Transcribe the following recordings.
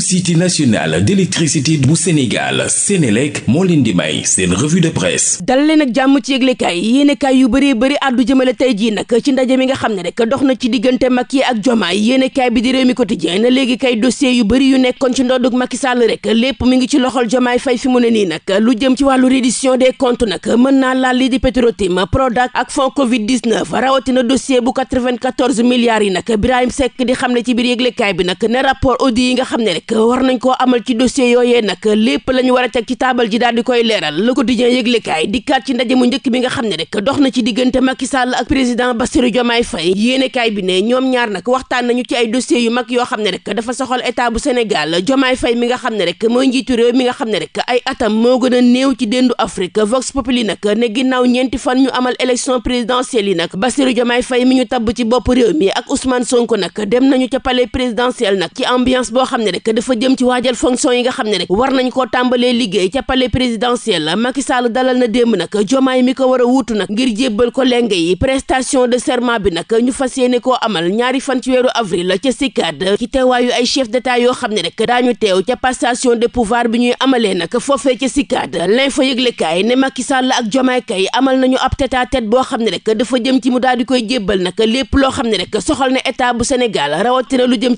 société nationale d'électricité bu Sénégal Sénélec moo leen di may seen revue de presse dal leen jàmm ci yëglekaay yéenekaay yu bëree bëri àddu jëmale tey jii nag ci ndaje mi nga xam ne rek dox na ci diggante Macky ak Diomaye yéenekaay bi di réew mi quotidien na léegi kay dossier yu bëri yu nekkoon ci ndoddug Macky Sall rek lépp mi ngi ci loxol Diomaye Faye fi mu ne nii nag lu jëm ci wàllu reddition des comptes nag mën naa laal di Petro-Tim yi nag war nañ koo amal ci dossier yooye nag lépp la ñu war a teg ci taabal ji daal di koy leeral la ko Le Quotidien yëglekaay dikkaat ci ndaje mu njëkk mi nga xam ne rek dox na ci diggante Macky Sall ak président Bassirou Diomaye Faye yéenekaay bi ne ñoom ñaar nag waxtaan nañu ci ay dossiers yu mag yoo xam ne rek dafa soxal état bu Sénégal Diomaye fay mi nga xam ne rek mooy njiitu réew mi nga xam ne rek ay atam moo gën a néew ci déndu Afrique Vox Populi nag ne ginnaaw ñeenti fan ñu amal élection présidentielle yi nag Bassirou Diomaye fay mi ñu tabb ci bopp réew mi ak Ousmane Sonko nag dem nañu ca palais présidentiel nag ci ambiance boo xam ne rek rek dafa jëm ci waajal fonction yi nga xam ne rek war nañ ko tàmbalee liggéey ca palais présidentiel Macky Sall dalal na démb nag jomaay mi ko war a wuutu nag ngir jébbal ko lenge yi prestation de serment bi nag ñu fas yéene koo amal ñaari fan ci weeru avril ca CICAD ci teewaayu ay chef d'état yoo xam ne daa ñu teew ca passation de pouvoir bi ñuy amalee nag foofee ca CICAD l'info yëglekaay ne Macky Sall ak jomaay kay amal nañu ab tête à boo xam ne rek dafa jëm ci mu daal di koy jébbal nag lépp loo xam ne rek soxal na état bu Sénégal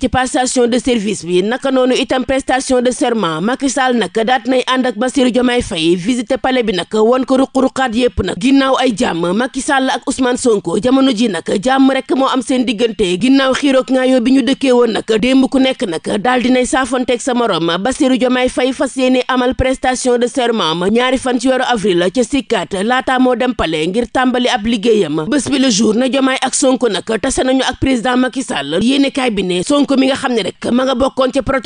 ci passation de service bi noonu itam prestation de serment Macky Sall nag daat nay ànd ak Bassirou Diomaye Faye visité palais bi nag wan ko ruq-ruqaat yépp nag ginnaaw ay jàmm Macky Sall ak Ousmane Sonko jamono ji nag jàmm rek moo am seen diggante ginnaaw xiiroog ngaayoo bi ñu dëkkee woon nag démb ku nekk nag di nay saafonteeg sa morom Bassirou Diomaye Faye fas yéene amal prestation de serment ma ñaari fan ci weeru avril ca sikkat laata moo dem palais ngir tàmbali ab liggéeyam bés bi le jour na Diomaye ak Sonko nag tase nañu ak président Macky Sall yéene kaay bi nga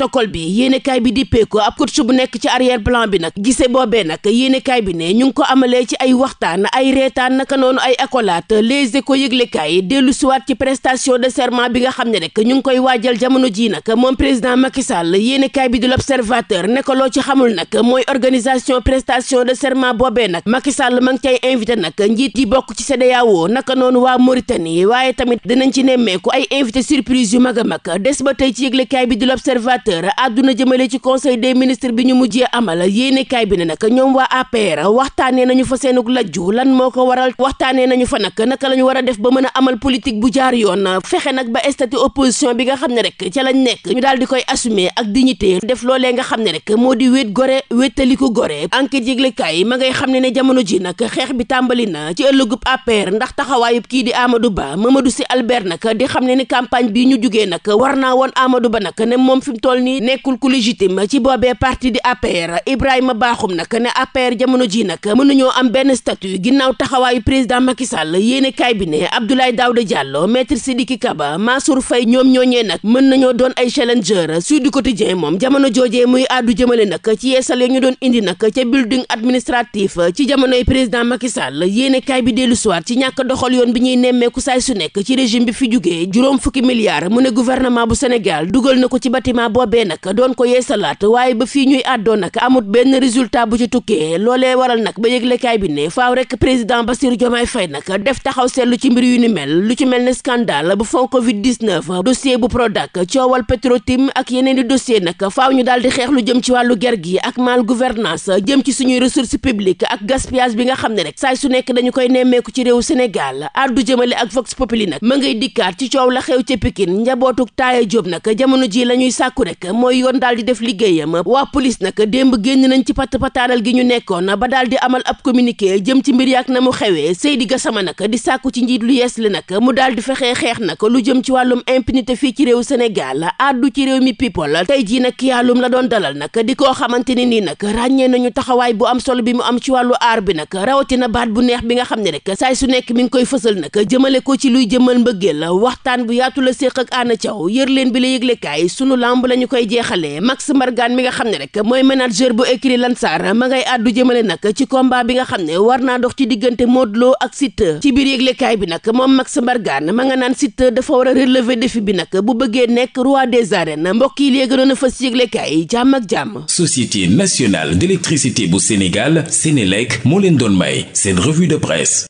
xam protocole bi yéenekaay bi dippee ko ab coach bu nekk ci arrière plan bi nag gise boobee nag yéenekaay bi ne ñu ngi ko amalee ci ay waxtaan ay reetaan naka noonu ay accolade les échos yëglekaay dellu siwaat ci prestation de serment bi nga xam ne rek ñu ngi koy waajal jamono ji nag moom président Macky Sall yéenekaay bi di l'observateur ne ko loo ci xamul nag mooy organisation prestation de serment boobee nag Macky Sall ma ngi cay nag njiit yi bokk ci CEDEAO naka noonu waa Mauritanie waaye tamit dinañ ci nemmeeku ay invité surprise yu mag a mag l'observateur àdduna jëmale ci conseil des ministres bi ñu mujjee amal yéenekaay bi ne nag ñoom waa APR waxtaanee nañu fa seenug lajju lan moo ko waral waxtaanee nañu fa nag naka la ñu a def ba mën a amal politique bu jaar yoon fexe nag ba statut opposition bi nga xam ne rek ca lañ nekk ñu daal di koy assumer ak dignité def loolee nga xam ne rek moo di wéet gore wéetaliku gore enquête yëglekaay ma ngay xam ne ne jamono ji nag xeex bi tàmbali na ci ëllëgub toll nii nekkul ku légitime ci boobee parti di APR Ibrahima baaxum nag ne APR jamono ji nag nañoo am benn statut ginnaaw taxawaayu président Macky Sall yéene kaay bi ne Abdoulaye Daouda Diallo maître Sidiki Kaba Mansour Faye ñoom ñooñee nag mën nañoo doon ay challenger Sud Quotidien moom jamono joojee muy àddu jëmale nag ci yeesal ya ñu doon indi nag ca building administratif ci jamonoy président Macky Sall yéene kaay bi dellu soir ci ñàkk doxal yoon bi ñuy nemmeeku saay su nekk ci régime bi fi jugee juróom fukki milliards mu ne gouvernement bu Sénégal dugal na ko ci bâtiment boobu boobee nag doon ko yeesalaat waaye ba fii ñuy àddoo nag amut benn résultat bu ci tukkee loolee waral nag ba yëglekaay bi ne faaw rek président Bassirou Diomaye Faye nag def taxaw seetlu ci mbir yu ni mel lu ci mel ne scandale bu fond Covid 19 dossier bu Prodac coowal Petrotim ak yeneen di dossier nag faaw ñu daal di xeex lu jëm ci wàllu ger gi ak mal gouvernance jëm ci suñuy ressources publiques ak gaspillage bi nga xam ne rek saay su nekk dañu koy nemmeeku ci réew Sénégal addu jëmale ak Vox Populi nag ma ngay dikkaat ci coow la xew ca Pikine njabootug Taaya Jóob nag jamono ji la ñuy sàkku rek rek mooy yoon daal di def liggéeyam waa police nag démb génn nañ ci patt pataaral gi ñu nekkoon na ba daal di amal ab communiqué jëm ci mbir yaak na mu xewee Seydi Gassama nag di sàkku ci njiit lu yees li nag mu daal di fexee xeex nag lu jëm ci wàllum impunité fii ci réew Sénégal addu ci réew mi la tey jii nag yàllum la doon dalal nag di koo xamante ni nii nag ràññee nañu taxawaay bu am solo bi mu am ci wàllu aar bi nag rawatina baat bu neex bi nga xam ne rek saay su nekk mi ngi koy fësal nag jëmale ko ci luy jëmal mbëggeel waxtaan bu yaatu la séq ak Anna Thiaw bi la yëglekaay sunu koy jeexalee Max Mbargane mi nga xam ne rek mooy manager bu écurie Lansar ma ngay àddu jëmale nag ci combat bi nga xam ne war naa dox ci diggante Modou Lo ak Siteu ci biir yëglekaay bi nag moom Max Mbargane ma nga naan Siteu dafa war a relever défi bi nag bu bëggee nekk roi des arènes mbokk yi léegi doon a fas yëglekaay yi jàmm ak jàmm. Société nationale d'électricité bu Sénégal Sénélec moo leen doon may seen revue de presse.